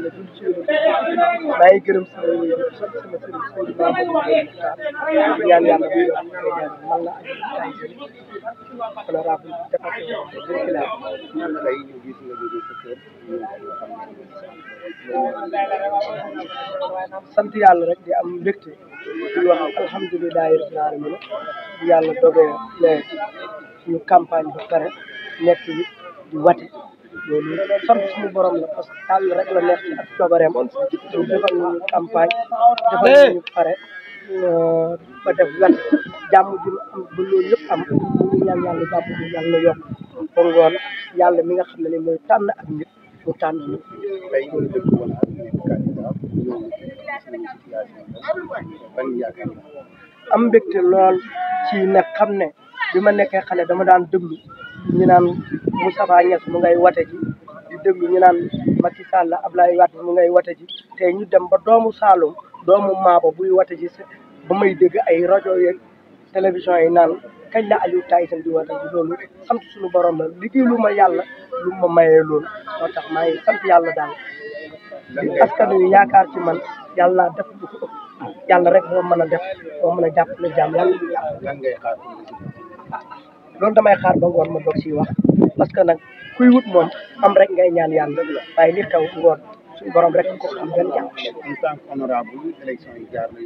yàlla jul ci sant yàlla rek di am mbégte di wax alhamdulilahi rabbil yàlla dogee ne suñu campagne ba pare nekk di wate loolu sant suñu la parce que tànn rek la nekk ak coobareem ñu defal ñu campagne defal ñu pare def gan jàmm ju am ba loolu yëpp ñaan yàlla jàmm ji yàlla yokk ba ngoon yàlla mi nga xam ne ni mooy tànn ak nit mu tànn am mbégte lool ci nag xam ne bi ma nekkee xale dama daan déglu ñu naan Moustapha Niass mu ngay wate ji di déglu ñu naan Macky Sall Ablaye Wade mu ngay wate ji te ñu dem ba doomu Saloum doomu Maabo buy wate ji ba may dégg ay rajo yeeg télévision yi naan kañ la Aliou Tyson di wate ji loolu sant suñu borom la lu ma yàlla lu ma mayee lool moo tax maa ngi sant yàlla daal li askan wi yaakaar ci man yàlla naa def lu ko ëpp yàlla rek moo mën a def moo mën a jàppale jàmm loolu damay xaar ba ngoon ma doog siy wax parce que nag kuy wut moon am rek ngay ñaan yàlla waaye li xew ngoon suñu borom rek ko am benn jàpp. en tant que honorable yi jaar na oh,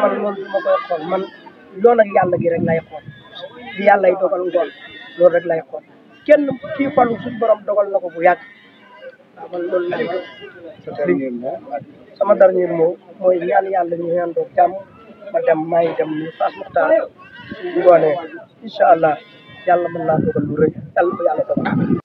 man loolu du ma koy xool man loolu ak yàlla gi rek lay xool li yàlla yi dogal ngoon loolu rek lay xool kenn kii falu suñu borom dogal na ko bu yàgg. Ah, man loolu lay sama dernier mot mooy ñaan yàlla ñu ñaan doog jàmm. ma dem maa ngi dem nii Fass Muxtaar ngoone incha allah yàlla mën naa dogal lu rëy yàlla ko yàlla dogal